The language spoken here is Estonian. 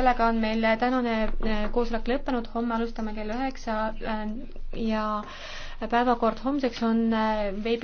sellega on meil tänane eh, koosolek lõppenud, homme alustame kell üheksa eh, ja päevakord homseks on eh, veebi